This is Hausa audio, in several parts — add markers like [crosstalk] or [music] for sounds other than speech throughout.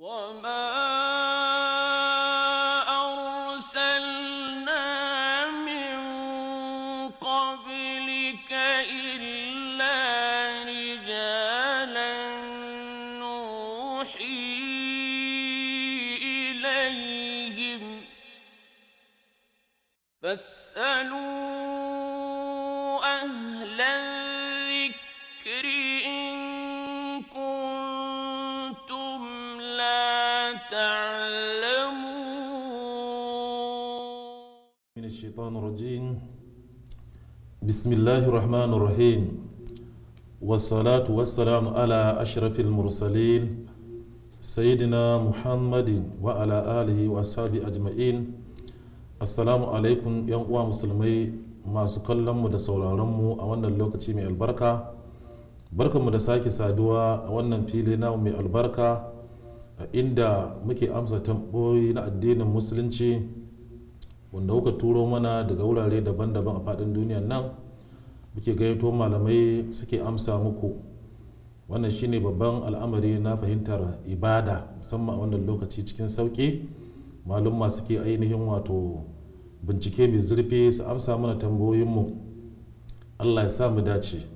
وما الرجيم بسم الله الرحمن الرحيم والصلاة والسلام على أشرف المرسلين سيدنا محمد وعلى آله وأصحابه أجمعين السلام عليكم يا مسلمي masu kallonmu da sauraronmu a wannan lokaci mai albarka barkanmu da sake saduwa a wannan fili namu mai albarka inda muke amsa tambayoyi na addinin musulunci wanda kuka turo mana daga wurare daban-daban a faɗin duniyan nan muke gayyato malamai suke amsa muku wannan shine babban al'amari na fahimtar ibada musamman a wannan lokaci cikin sauƙi malumma suke ainihin wato bincike mai zurfi su amsa mana mu allah ya sa mu dace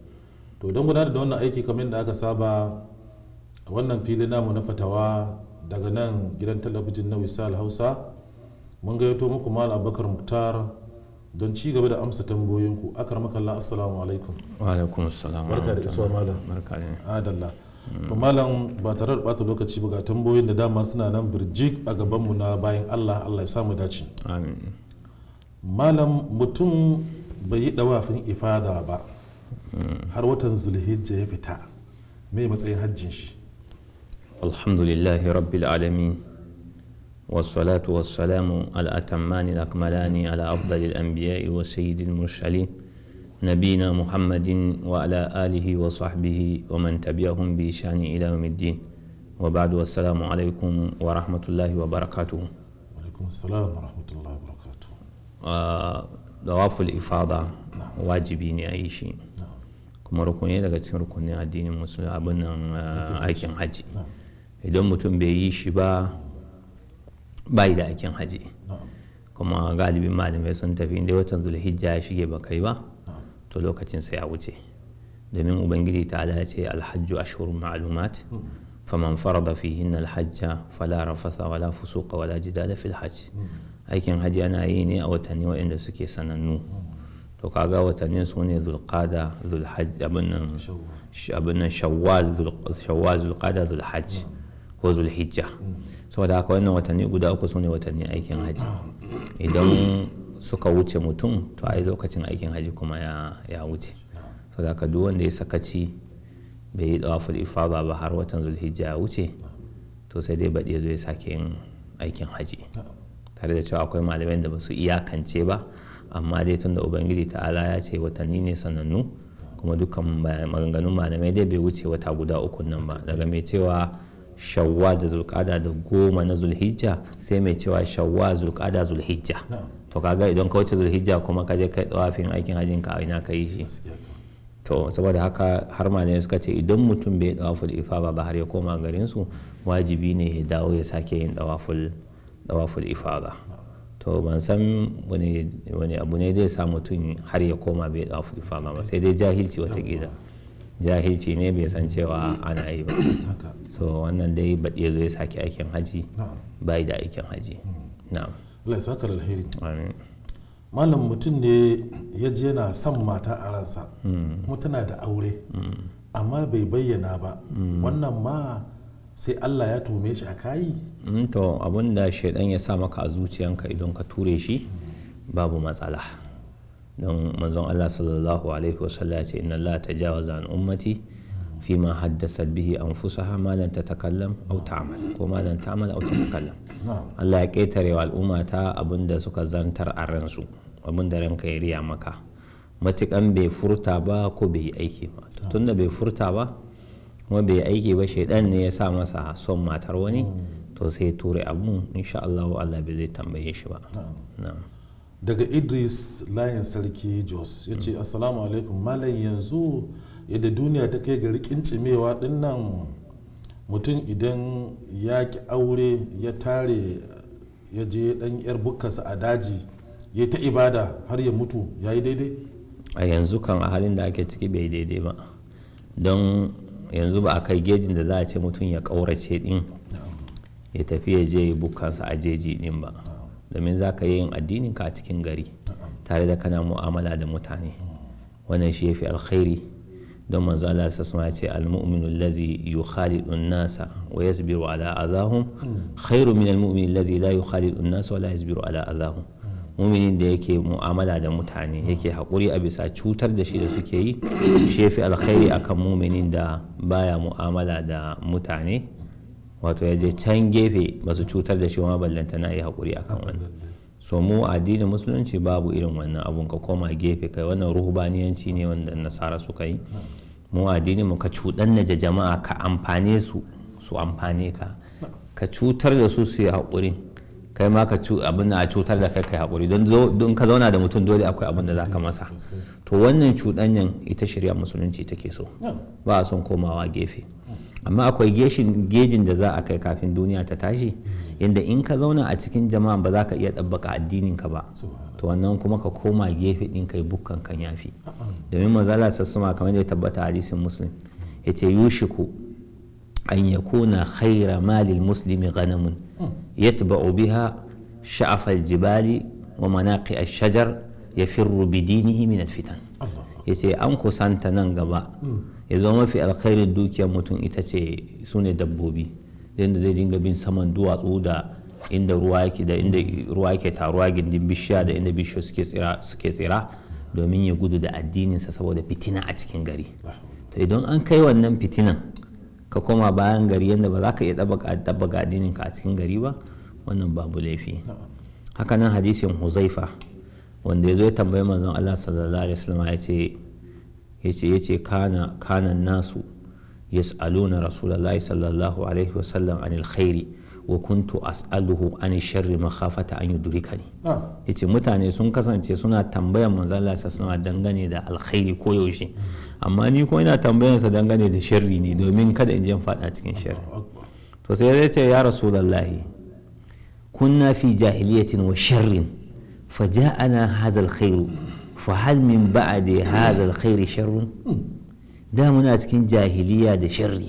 to don gudanar da wannan aiki kamar da aka saba a wannan fili namu na fatawa daga nan gidan talabijin na wisal hausa mun gayyato muku malam bakar muktar don ci gaba da amsa tambayoyinku akar makalla assalamu alaikum wa alaikum assalam barka da isuwa malam barka ne adalla to malam ba tare da bata lokaci ba ga tambayoyin da dama suna nan birjik a gaban mu na bayan Allah Allah ya samu dace amin malam mutum bai yi dawafin ifada ba har watan zulhijja ya fita me matsayin hajjin shi alhamdulillahi rabbil alamin والصلاة والسلام الأتمان الأكملان على أفضل الأنبياء وسيد المرسلين نبينا محمد وعلى آله وصحبه ومن تبعهم بإشان إلى يوم الدين وبعد والسلام عليكم ورحمة الله وبركاته وعليكم السلام ورحمة الله وبركاته دواف آه، الإفاضة نعم. واجبين أي شيء نعم. kuma rukuni daga cikin rukunin addinin musulmi abin nan aikin hajji idan بايدا كان حجي نعم. كما قال ما دم يسون تفين دو تنزل الحج شيء بكايبا نعم. تو لوكاتين سي اوتي دمين وبنجلي تعالى تي الحج اشهر معلومات فمن فرض فيهن الحج فلا رفث ولا فسوق ولا جدال في الحج اي كان حجي انا ييني او تاني وين سكي سننو تو كاغا وتاني سوني ذو القاده ذو الحج ابن شوال شوال ذو القاده ذو الحج وذو الحجه saboda haka wannan watanni guda uku su ne watanni aikin haji idan suka wuce mutum to ai lokacin aikin haji kuma ya wuce saboda haka duk wanda ya sakaci bai yi dawaful ifada ba har watan zulhijja ya wuce to sai dai baɗi zo ya sake yin aikin haji tare da cewa akwai malamai da basu iyakance ba amma dai tun da ubangiji ta'ala ya ce watanni ne sanannu kuma dukkan maganganun malamai dai bai wuce wata guda uku nan ba daga mai cewa Shawwa da zulqada da goma na zulhijja sai mai cewa shawwa zulqada zulhijja to kaga idan ka wuce zulhijja kuma ka je kai tawafin aikin hajjin ka ina ka yi shi to saboda haka har malamai suka ce idan mutum bai dawaful ifaba ba har ya koma garin su wajibi ne ya dawo ya sake yin dawaful dawaful to ban san wani abu ne zai sa mutum har ya koma bai dawaful ifa ba sai dai jahilci wata gida jahilci ne bai san cewa ana yi ba so wannan dai ba ya zo ya sake aikin haji ba da aikin haji hmm. na'am Allah ya saka alheri amin malam mutum ne ya je na son mata a ransa hmm. kuma tana da aure hmm. amma bai bayyana ba wannan ma sai Allah ya tume shi a kayi to abunda shi shaidan ya sa maka a zuciyanka idan ka ture shi babu matsala don manzon Allah sallallahu alaihi wasallam ya ce inna Allah tajawaza an ummati fi ma haddasa bihi anfusaha ma lan tatakallam aw ta'mal ko ma lan ta'mal aw tatakallam Allah ya ketare wa al'umma ta abinda suka zantar a ransu abinda ranka ya riya maka matukan bai furta ba ko bai aiki ba tunda bai furta ba kuma bai aiki ba shaidan ne ya sa masa son matar wani hmm. to sai ture abun insha Allah Allah bai zai tambaye shi ba na'am daga idris layin sarki jos ya ce assalamu alaikum malam yanzu yadda duniya ta kai ga rikin cimewa din nan mutum idan ya ki aure ya tare ya je dan yar bukkansa a daji ya ta ibada har ya mutu ya yi daidai a yanzu kan a halin da ake ciki bai daidai ba don yanzu ba a kai gejin da za a ce mutum ya ƙaurace din ya tafi ya je bukkansa a jeji din ba domin za ka yi yin addininka a cikin gari tare da kana mu'amala da mutane wannan shi ya fi alkhairi don manzo Allah sa suna ce almu'minu allazi yukhalidu nasa wa yasbiru ala adahum khairu min almu'min allazi la yukhalidu nasa wa la yasbiru ala adahum muminin da yake mu'amala da mutane yake haƙuri a bisa cutar da shi da suke yi shi ya fi alkhairi akan muminin da baya mu'amala da mutane wato ya je can gefe ba su cutar da shi ma ballanta na yi haƙuri akan wani so mu addinin musulunci babu irin wannan abun ka koma gefe kai wannan ruhubaniyanci ne wanda nasara suka yi mu addinin mu ka cutar da jama'a ka amfane su su amfane ka ka cutar da su su yi haƙuri kai ma ka abin a cutar da kai kai haƙuri don ka zauna da mutum dole akwai abin da za ka masa to wannan cuɗanyan ita shirya musulunci take so ba a son komawa gefe amma akwai gejin da za a kai kafin duniya ta tashi yadda in ka zauna a cikin jama'a ba za ka iya ɗabbaka addinin ka ba to wannan kuma ka koma gefe ɗin kai bukkan kan yafi domin mazala sassuma kamar da ya tabbata hadisin muslim ya ce yushiku an ya kuna khaira malil muslimi ganamun hmm. yatba'u biha sha'afal jibali wa manaqi ash-shajar yafirru bidinihi min fitan yace an kusanta nan gaba hmm. ya zama mafi alkhairin dukiyar mutum ita ce su ne dabbobi da zai dinga bin saman duwatsu da inda ruwa yake da inda ruwa yake taruwa gindin bishiya da inda bishiya suke tsira suke tsira domin ya gudu da addininsa saboda fitina a cikin gari to idan an kai wannan fitinan ka koma bayan gari yadda ba za ka iya ga addininka a cikin gari ba wannan babu laifi hakanan hadisin huzaifa wanda ya zo ya tambayi manzon Allah sallallahu alaihi wasallam ya ce yace yace kana kanan nasu yas'aluna rasulullahi sallallahu alaihi wasallam anil khairi wa kuntu as'aluhu an sharri makhafata an yudrikani ah. yace mutane sun kasance suna tambayan manzon Allah sallallahu dangane da alkhairi ko yaushe amma ni ko ina tambayan sa dangane da sharri ne domin kada in je fada cikin sharri to sai ya ce ya rasulullahi kunna fi jahiliyatin wa sharrin فجاءنا هذا الخير fa hal min ba'di hadha alkhairi sharrun da muna cikin jahiliya da sharri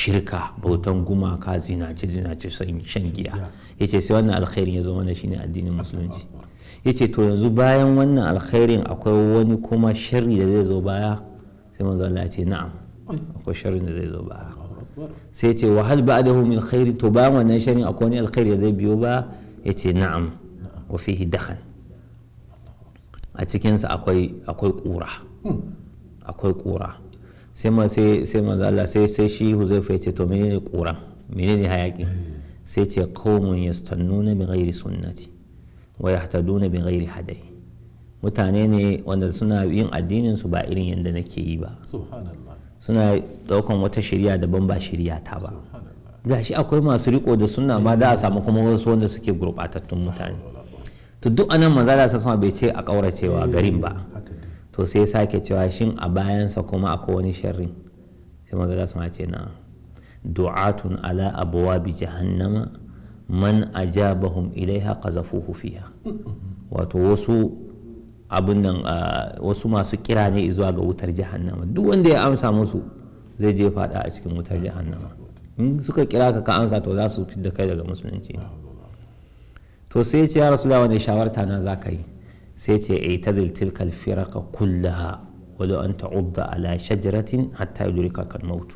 shirka bautan gumaka zinace zinace shan giya yace sai wannan alkhairin ya zo mana shine addinin musulunci yace to yanzu bayan wannan alkhairin akwai wani kuma sharri da zai zo baya sai manzo Allah ya ce na'am akwai sharrin da zai zo baya sai ce wa hal ba'dahu min khairi to bayan wannan sharrin akwai wani alkhairi da zai biyo ba yace na'am wa fihi dakhan a cikinsa akwai kura akwai kura sai ma sai sai Allah sai sai shi Huzaifa ya ce to menene ƙura menene hayaki sai ce qaumun yastannuna bi ghairi sunnati wa yahtaduna bi ghairi hadai mutane ne wanda suna yin addinin su ba irin yadda nake yi ba suna daukan wata shirya daban ba shirya ta ba gashi akwai masu riko da suna ma da a samu kuma wasu wanda suke gurbatattun mutane to duk anan manzala sa bai ce a ƙauracewa eh, garin ba to sai sake cewa shin a bayansa kuma akwai wani sharrin sai manzala sa ce na du'atun ala abwabi jahannama man ajabahum ilaiha qazafuhu fiha wato wasu abin nan wasu masu kira ne zuwa ga wutar jahannama duk wanda ya amsa musu zai je fada a cikin wutar jahannama in suka kira ka ka amsa to za su da kai daga musulunci to sai ya ce ya rasulullah wanda shawarta na za yi sai ce ai tazil tilkal firaka kullaha wadda an ta'udda ala shajaratin hatta kan mautu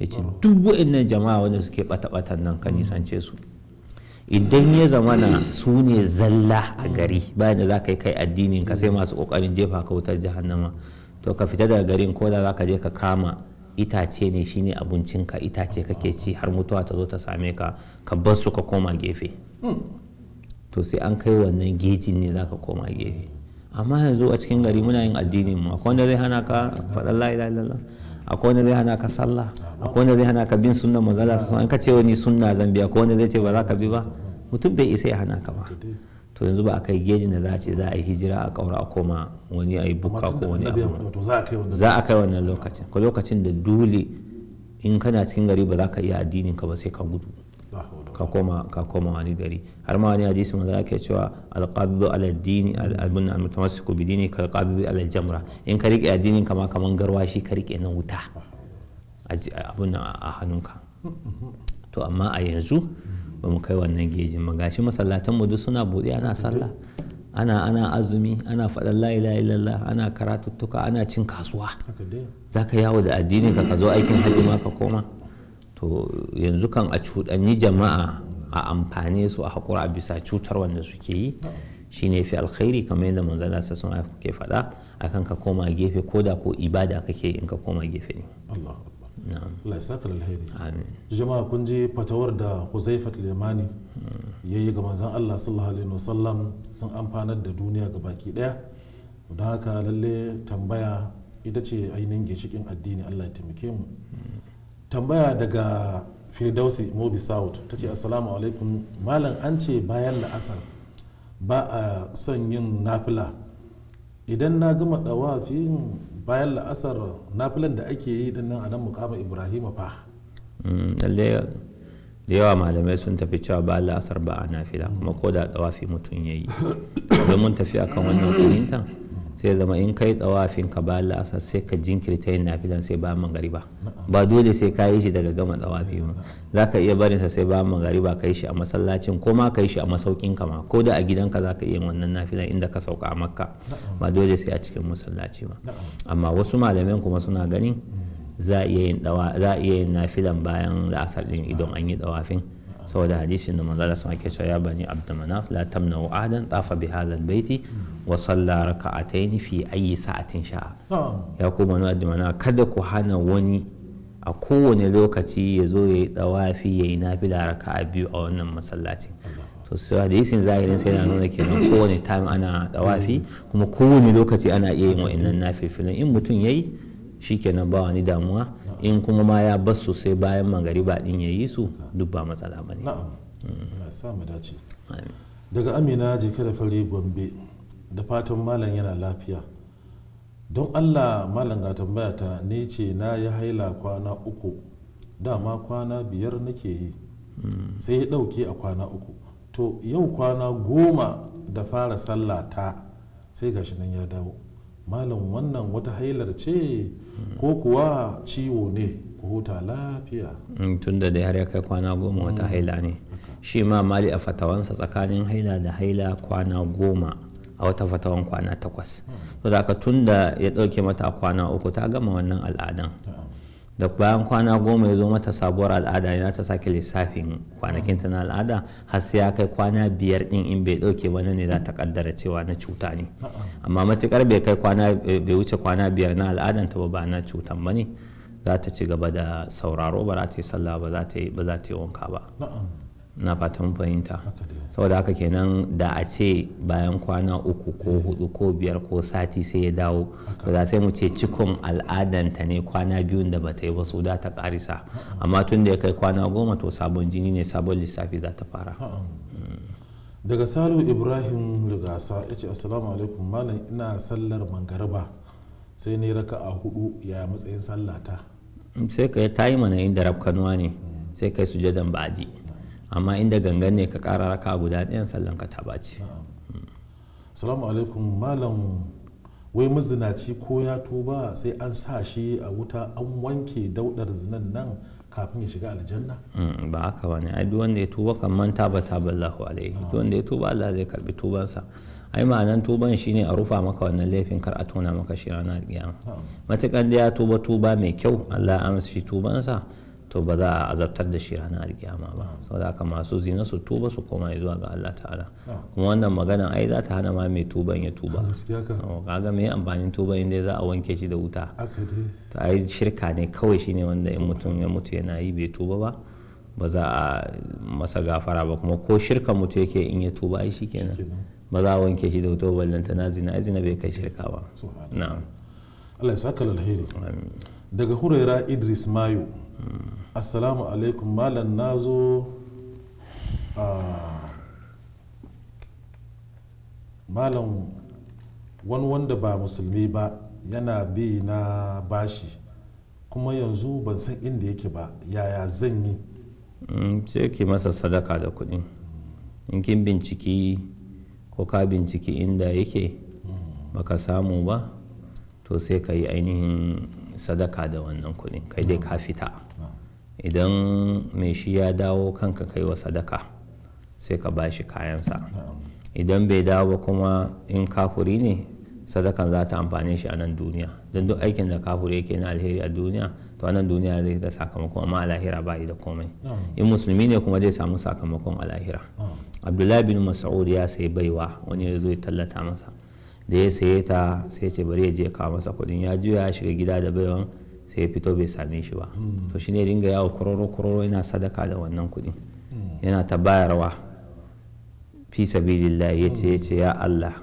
ya ce duk wayannan jama'a wanda suke bata-batan nan ka nisance su idan ya zamana su ne zalla a gari bayan da za ka yi kai addinin ka sai masu kokarin jefa ka wutar jahannama to ka fita daga garin ko da za ka je ka kama itace ne shine abincinka itace kake ci har mutuwa ta zo ta same ka ka bar su ka koma gefe to sai an kai wannan gejin ne za ka koma gefe amma yanzu a cikin gari muna yin addinin mu akwai wanda zai hana ka faɗa la ilaha illallah akwai wanda zai hana ka sallah akwai wanda zai hana ka bin sunnan manzo Allah sallallahu alaihi ka ce wani sunna zan biya akwai wanda zai ce ba za ka bi ba mutum bai isa ya hana ka ba to yanzu ba a kai gejin da za a ce za a yi hijira a kaura a koma wani a yi bukka ko wani abu za a kai wannan lokacin ko lokacin da dole in kana cikin gari ba za ka iya addinin ka ba sai ka gudu ka koma ka koma wani gari har ma wani hadisi manzo ake cewa alqabidu ala dini albun almutamassiku bi dini kal ala jamra in ka rike addinin kama kaman garwashi ka rike nan wuta abun a hannunka to amma a yanzu ba mu kai wannan gejin ba gashi masallatan mu duk suna buɗe ana sallah ana ana azumi ana faɗan la ilaha illallah ana karatuttuka ana cin kasuwa zaka yawo da addinin ka ka zo aikin hajji ma ka koma to yanzu kan a cuɗanyi jama'a a amfane su a haƙura bisa cutar wanda suke yi shi ne fi alkhairi kamar yadda manzana sa sun ke faɗa kan ka koma gefe ko da ko ibada kake in ka koma gefe ne Allah alheri jama'a kun ji fatawar da Huzaifat Limani yayi ga manzan Allah sallallahu alaihi wasallam sun amfanar da duniya ga baki daya don haka lalle tambaya ita ce ainihin ginshikin addini Allah ya taimake mu tambaya daga firdausi mobi south ta ce assalamu alaikum malam an ce bayan la'asar ba a son yin nafila idan na gama dawafi bayan la'asar nafilan da ake yi don nan a nan mukama ibrahima fa mm, da yawa malamai sun tafi cewa ba la'asar ba a nafila kuma ko da dawafi mutum ya yi domin tafi akan wannan fahimtar sai zama in kai tsawafin ka ba la'asar sai ka jinkirta yin nafilan sai ba gari ba dole sai ka yi shi daga gama tsawafi ba za ka iya barinsa sai ba gariba ka yi shi a masallacin ko ma ka yi shi a masaukin kama ko da a gidanka za ka iya wannan nafilan inda ka sauka a makka ba dole sai a cikin masallaci ba amma wasu malamai kuma suna ganin za a iya yin nafilan bayan la'asar din idan an yi tsawafin saboda hadisin da manzala sun ake cewa ya bani abdumanaf la tamna wa'adan tafa bi hadha albayti wa salla raka'atayn fi ayi sa'atin sha'a ya ku bani abdumana kada ku hana wani a kowane lokaci ya zo ya yi tsawafi ya yi nafila raka'a biyu a wannan masallacin to su hadisin zahirin sai na nuna kenan kowane time ana tsawafi kuma kowane lokaci ana iya yin wa'annan filin in mutum yayi shikenan ba wani damuwa in kuma ma ya bas sosai bayan magariba din ya yi su duk ba matsala ba ne dace daga amina jika da fari gombe da fatan malam yana lafiya don allah malam ga tambaya ta ni ce na ya haila kwana uku dama kwana biyar nake yi hmm. sai ya ɗauke a kwana uku to yau kwana goma da fara sallah ta sai gashi nan ya dawo malam wannan wata hailar ce ko kuwa ciwo ne ku huta lafiya mm, tun da har ya kai kwana goma wata mm. haila ne shi ma mali a fatawansa tsakanin haila da haila kwana goma a wata fatawan kwana takwas to mm. da tun da ya ɗauke mata kwana uku ta gama wannan al'adan da bayan kwana goma ya zo mata sabuwar al'ada ya ta sake lissafin kwanakin ta na al'ada har sai ya kai kwana biyar din in bai dauke ba ne za ta kaddara cewa na cuta ne amma matukar bai kai kwana bai wuce kwana biyar na al'adan ta ba na cutan ba ne za ta ci gaba da sauraro ba za ta yi sallah ba za ta yi wanka ba na fatan fahimta saboda haka kenan da a ce bayan kwana uku ko hudu ko biyar ko sati sai ya dawo to da sai mu ce cikon al'adanta ne kwana biyun da bata yi ba su da ta karisa amma tun da ya kai kwana goma to sabon jini ne sabon lissafi za ta fara mm. daga salu ibrahim lugasa ya ce assalamu alaikum malam ina sallar mangariba sai ne raka a hudu ya matsayin sallata sai ka ta yi mana inda rabkanuwa ne mm. sai kai sujadan ba'adi amma inda gangan ne ka kara raka guda ɗayan sallan ka ta bace salamu alaikum malam wai mazinaci ko ya tuba sai an sa shi a wuta an wanke daudar zinan nan kafin ya shiga aljanna mm, ba haka ba ne duk wanda ya tuba kan manta ba ta ballahu alaihi duk wanda ya tuba Allah zai karbi tubansa ai ma'anan tuban shine a rufa maka wannan laifin kar a tona maka shi ranar kiyama matakan da ya tuba tuba mai kyau Allah ya amsa shi tubansa to ba za a azabtar da shi ranar alkiyama ba saboda haka masu zina su tuba su koma zuwa ga Allah ta'ala ah. kuma wannan magana ai za ta hana ma mai tuban ya tuba ah, oh, kaga mai amfanin tuban inda za a wanke shi da wuta ta ai shirka ne kawai shine wanda in mutum ya mutu yana yi bai tuba ba ba za a masa gafara ba kuma ko shirka mutu yake in ya tuba ai shikenan ba za a wanke shi da wuta ballanta na zina ai zina bai kai shirka ba na'am Allah ya saka alheri daga Huraira Idris Mayu assalamu alaikum malam na zo malam wani wanda ba musulmi ba yana bi na bashi kuma yanzu ban san inda yake ba yaya zan yi mm, sai ki masa sadaka da kuɗi in kin binciki ko ka binciki inda yake mm. baka samu ba to sai ka yi ainihin sadaka da wannan kuɗin kai dai ka fita idan mai shi ya dawo kanka kai wa sadaka sai ka ba shi kayansa idan bai dawo ba kuma in kafuri ne sadakan za ta amfane shi a nan duniya don duk aikin da kafuri yake na alheri a duniya to a nan duniya zai da sakamakon amma alahira ba da komai in musulmi ne kuma zai samu sakamakon alahira abdullahi bin mas'ud ya sai baiwa wani ya zo ya tallata masa da ya saye ta sai ce bari ya je kawo masa kuɗin ya juya ya shiga gida da baiwan sai ya fito bai same shi ba to shi ne dinga yawo kororo kororo yana sadaka da wannan kuɗin yana ta bayarwa fi sabilillah ya ce ce ya Allah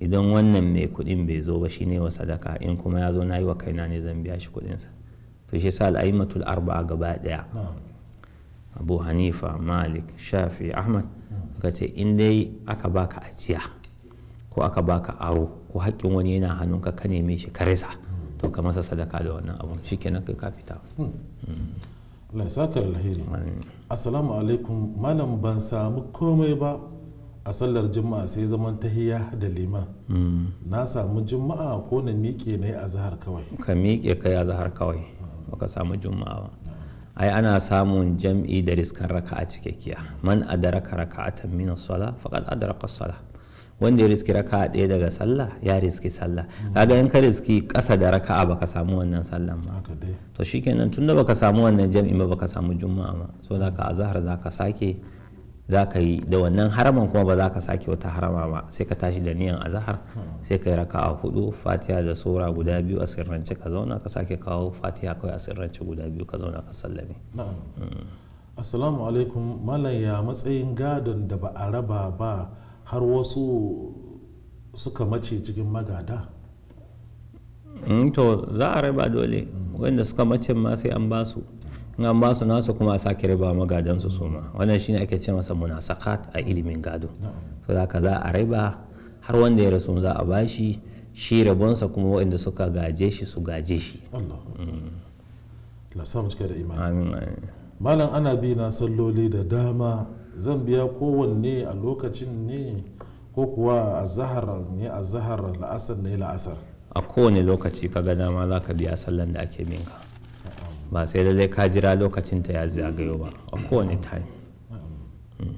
idan wannan mai kuɗin bai zo ba shine wa sadaka in kuma ya zo na yi wa kaina ne zan biya shi kuɗinsa to shi sa al'aimatul arba'a gaba ɗaya abu hanifa malik shafi ahmad suka ce in dai aka baka ajiya ko aka baka aro ko haƙƙin wani yana hannunka ka ka neme shi ka rasa to ka masa sadaka da wannan abun shikenan kai ka fita hmm. Allah ya saka alheri assalamu alaikum malam ban samu komai ba a sallar juma'a sai zaman tahiya da liman hmm. na samu juma'a ko na miƙe na yi azahar kawai ka miƙe ka yi azahar kawai baka samu juma'a ba ai ana samun jam'i da riskan raka'a cikakkiya man adaraka raka'atan min as-sala faqad adaraka as-sala wanda ya riski raka ɗaya daga sallah ya riski sallah kaga in ka riski ƙasa da raka'a baka samu wannan sallah ma to shikenan da baka samu wannan jam'i ba baka samu juma'a ma so zaka azhar zaka sake zaka yi da wannan haraman kuma ba za ka sake wata harama ba sai ka tashi da niyan a zahar sai ka yi raka'a hudu fatiha da sura guda biyu a sirrance ka zauna ka sake kawo fatiha kawai a sirrance guda biyu ka zauna ka sallame mm. assalamu alaikum malam matsayin gadon da ba a raba ba har wasu suka mace cikin magada mm, to za a raba dole wanda suka mace ma sai an ba su an ba su nasu kuma a sake raba magadansu su ma wannan shine ake ce masa munasakat a ilimin gado to haka za a raba har wanda ya rasu za a bashi shi rabonsa kuma waɗanda suka gaje shi su gaje shi Allah mm. samu cikin da imani malam ana bi na salloli da dama zan biya kowanne a lokacin ne ko kuwa a zahar ne a zahar la'asar ne la'asar a kowane lokaci ka gada ma za ka biya sallan da ake minka ba sai lallai ka jira lokacin ta ya zagayo ba a kowane time mm.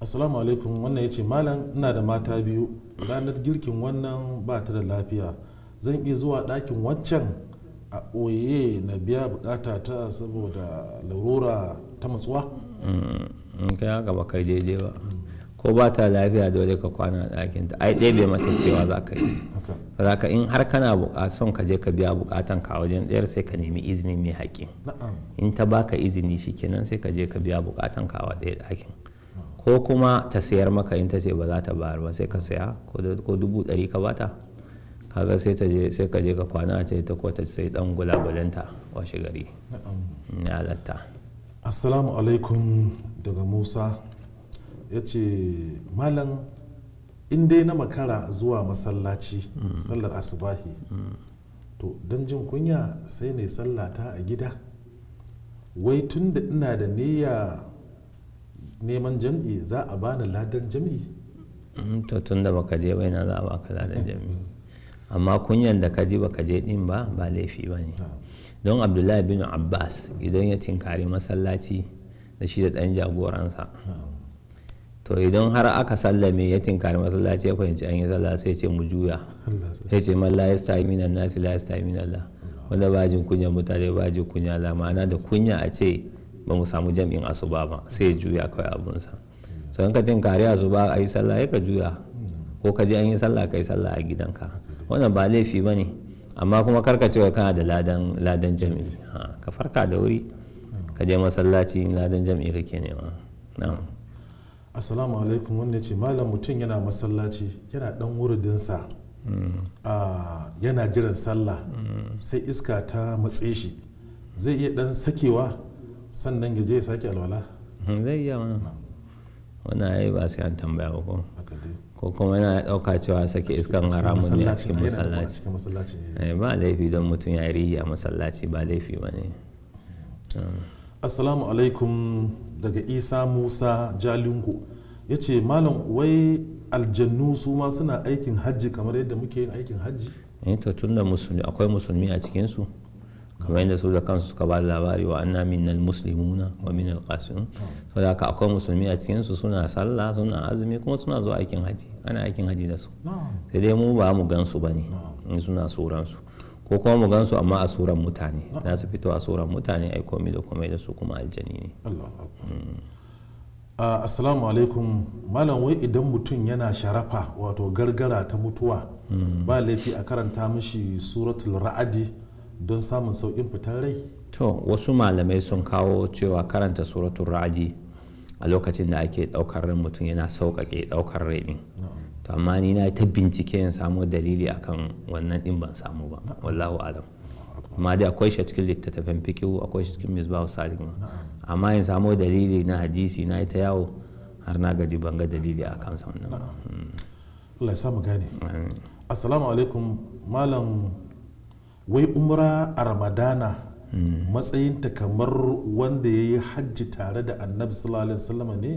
assalamu alaikum wannan ya ce malam ina da mata biyu ranar girkin wannan ba ta da lafiya zan iya zuwa ɗakin wancan a ɓoye na biya bukata ta saboda larura ta matsuwa mm. in kai haka ba kai daidai ba ko ba ta lafiya dole ka kwana a ɗakin ta ai bai mata cewa za ka yi za ka in har kana son ka je ka biya bukatan ka wajen ɗayar sai ka nemi izini mai haƙƙin in ta baka izini shikenan sai ka je ka biya bukatan ka a ɗaya ɗakin ko kuma ta sayar maka in ta ce ba za ta bayar ba sai ka saya ko dubu ɗari ka bata kaga sai ta je sai ka je ka kwana a ta ko ta sai dan gulabalanta washe gari ya latta assalamu alaikum daga musa ya ce malam in dai na makara zuwa masallaci sallar asubahi to don jin kunya sai ne sallata a gida wai tun da ina da niyya neman jam'i za a bani ladan jam'i mm, to tun da baka je bai na za a baka ladan jam'i [laughs] amma kunyan da ka ji baka je din ba ba laifi ba ne don abdullahi bin abbas idan ya tinkari masallaci da shi da ɗan jagoransa to idan har aka sallame ya tinkari masallaci ya fahimci an yi sallah sai ce mu juya sai ce man la yasta minan nasi la yasta minallah wanda ba jin kunya mutane ba jin kunya la ma'ana da kunya a ce ba mu samu jam'in asuba ba sai juya kawai abunsa so in ka tinkari asuba a yi sallah ya ka juya ko ka je an yi sallah ka yi sallah a gidanka wannan ba laifi ba ne amma kuma karka cewa kana da ladan ladan jami'i ka farka da wuri ka je masallaci ladan jam'i kake nema na'am assalamu alaikum wanda ce malam mutum yana masallaci yana dan wurudinsa mm. yana jiran sallah mm. sai iska ta matse shi zai iya dan sakewa sannan ya je ya sake alwala mm, zai iya wani wannan ai ba sai an tambaya ba ko ko kuma yana ɗauka cewa sake iskan haramun ne a cikin masallaci eh. Eh, ba laifi don mutum ya rihi a masallaci ba laifi ba ne assalamu alaikum daga isa musa jalingo ya ce malam wai aljannu su ma suna aikin hajji kamar yadda muke yin aikin hajji eh, to tun da akwai musulmi a cikinsu kamar yadda su da kansu suka ba labari wa anna minnal muslimuna wa minnal qasim to da haka akwai musulmi a cikinsu suna sallah suna azumi kuma suna zuwa aikin hajji ana aikin hajji da su sai dai mu ba mu gansu bane in suna tsoron su ko kuma mu gan su amma a suran mutane na su fito a suran mutane ai komai da komai da su kuma aljani ne mm. assalamu alaikum malam wai idan mutum yana sharafa wato gargara ta mutuwa mm. ba laifi a karanta mashi suratul ra'adi don samun sauƙin fitar rai to wasu malamai sun kawo cewa karanta suratul ra'adi a lokacin da ake ɗaukar rai mutum yana sauƙaƙe ɗaukar rai ɗin to amma ni na ta bincike in samu dalili akan wannan din ban samu ba wallahu alam amma dai akwai shi cikin littattafan fikihu akwai shi cikin misbahu salim amma in samu dalili na hadisi na ta yawo har na gaji ban ga dalili a kan wannan hmm. Allah ya samu gane assalamu alaikum malam wai umra a ramadana hmm. matsayinta kamar wanda ya yi hajji tare da annabi sallallahu alaihi wasallam ne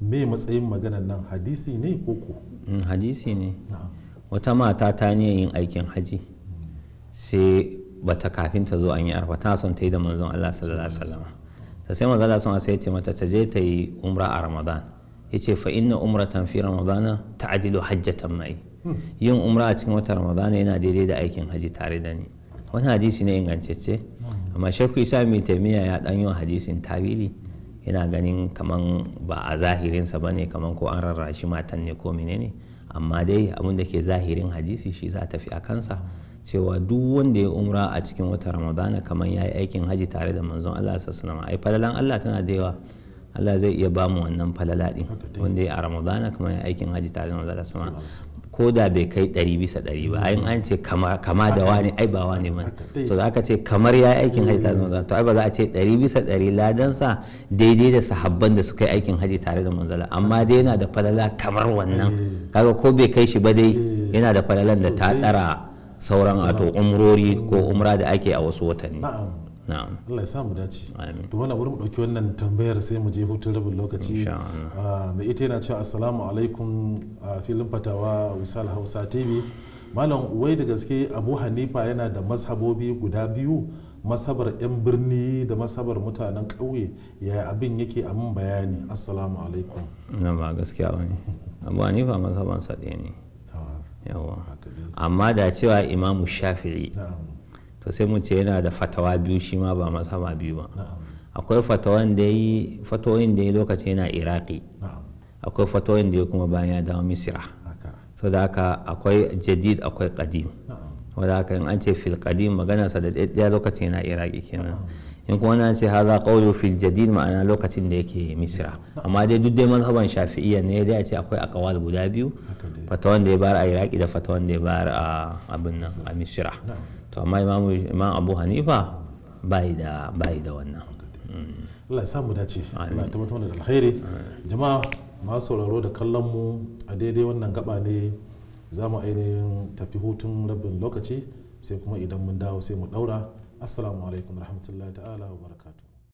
me matsayin maganan nan hadisi ne ko mm, hadisi ne wata mata ta ne yin aikin haji sai bata kafin ta zo an yi arfa ta son ta yi da manzon Allah sallallahu alaihi wasallam ta sai manzon Allah sallallahu alaihi wasallam mata ta je ta yi umra a Ramadan yace fa inna umratan fi ramadana ta'dilu hajjatan ma'i hmm. yin umra a cikin watan ramadana yana daidai da aikin haji tare da ni wani hadisi ne ingantacce hmm. amma shakku isa mai taimiyya ya dan yi hadisin tawili yana ganin kaman ba a zahirinsa ba ne kaman ko an rarrashi matan ne ko ne amma dai abin da ke zahirin hadisi shi za a tafi a kansa cewa duk wanda ya umra a cikin wata ramadana kaman ya yi aikin haji tare da manzon Allah sa alaihi ai falalan Allah tana da yawa Allah zai iya bamu wannan falala din wanda ya a ramadana kaman ya yi aikin haji tare da manzon Allah sa ko da bai kai ɗari bisa ɗari ba ayin an ce kama da wani ai ba wani ba so da aka ce kamar ya yi aikin haji tare da manzala to ai ba za a ce ɗari bisa ɗari ladansa daidai da sahabban da suka yi aikin haji tare da manzala amma dai yana da falala kamar wannan eh. kaga ko bai kai shi ba dai eh. yana da falalan da ta ɗara sauran wato umrori ko umra da ake a wasu watanni. na'am Allah ya samu dace amin to wannan bari mu dauki wannan tambayar sai mu je hutun rabin lokaci da ah, ita yana cewa assalamu alaikum a filin fatawa wisal hausa tv malam wai da gaske abu hanifa yana da mazhabobi guda biyu masabar 'yan birni da masabar mutanen ƙauye yaya abin yake a mun bayani assalamu alaikum na ba gaskiya ba abu hanifa masaban sa ɗaya ne yawa amma da cewa imamu shafi'i to sai mu ce yana da fatawa biyu shi ma ba sama biyu ba akwai fatawan da yi fatoyin da yi lokacin yana iraki akwai fatoyin da ya kuma bayan ya dawo misira so da haka akwai jadid akwai kadim wadda haka in an ce fil kadim magana sa da ɗaya lokacin yana iraki kenan in kuma na ce haza qawlu fil jadid ma'ana lokacin da yake misira amma dai duk dai mazhaban shafi'iyya ne dai a ce akwai akawal guda biyu fatawan da ya bar a iraki da fatawan da ya bar a abin nan a misira to amma imam abu hanifa bai da bai da wannan Allah ya samu dace Allah ya tabbatar da alheri jama'a masu sauraro da kallon mu a daidai wannan gaba ne za mu ainihin tafi hutun rabin lokaci sai kuma idan mun dawo sai mu daura assalamu alaikum rahmatullahi ta'ala wa barakatuh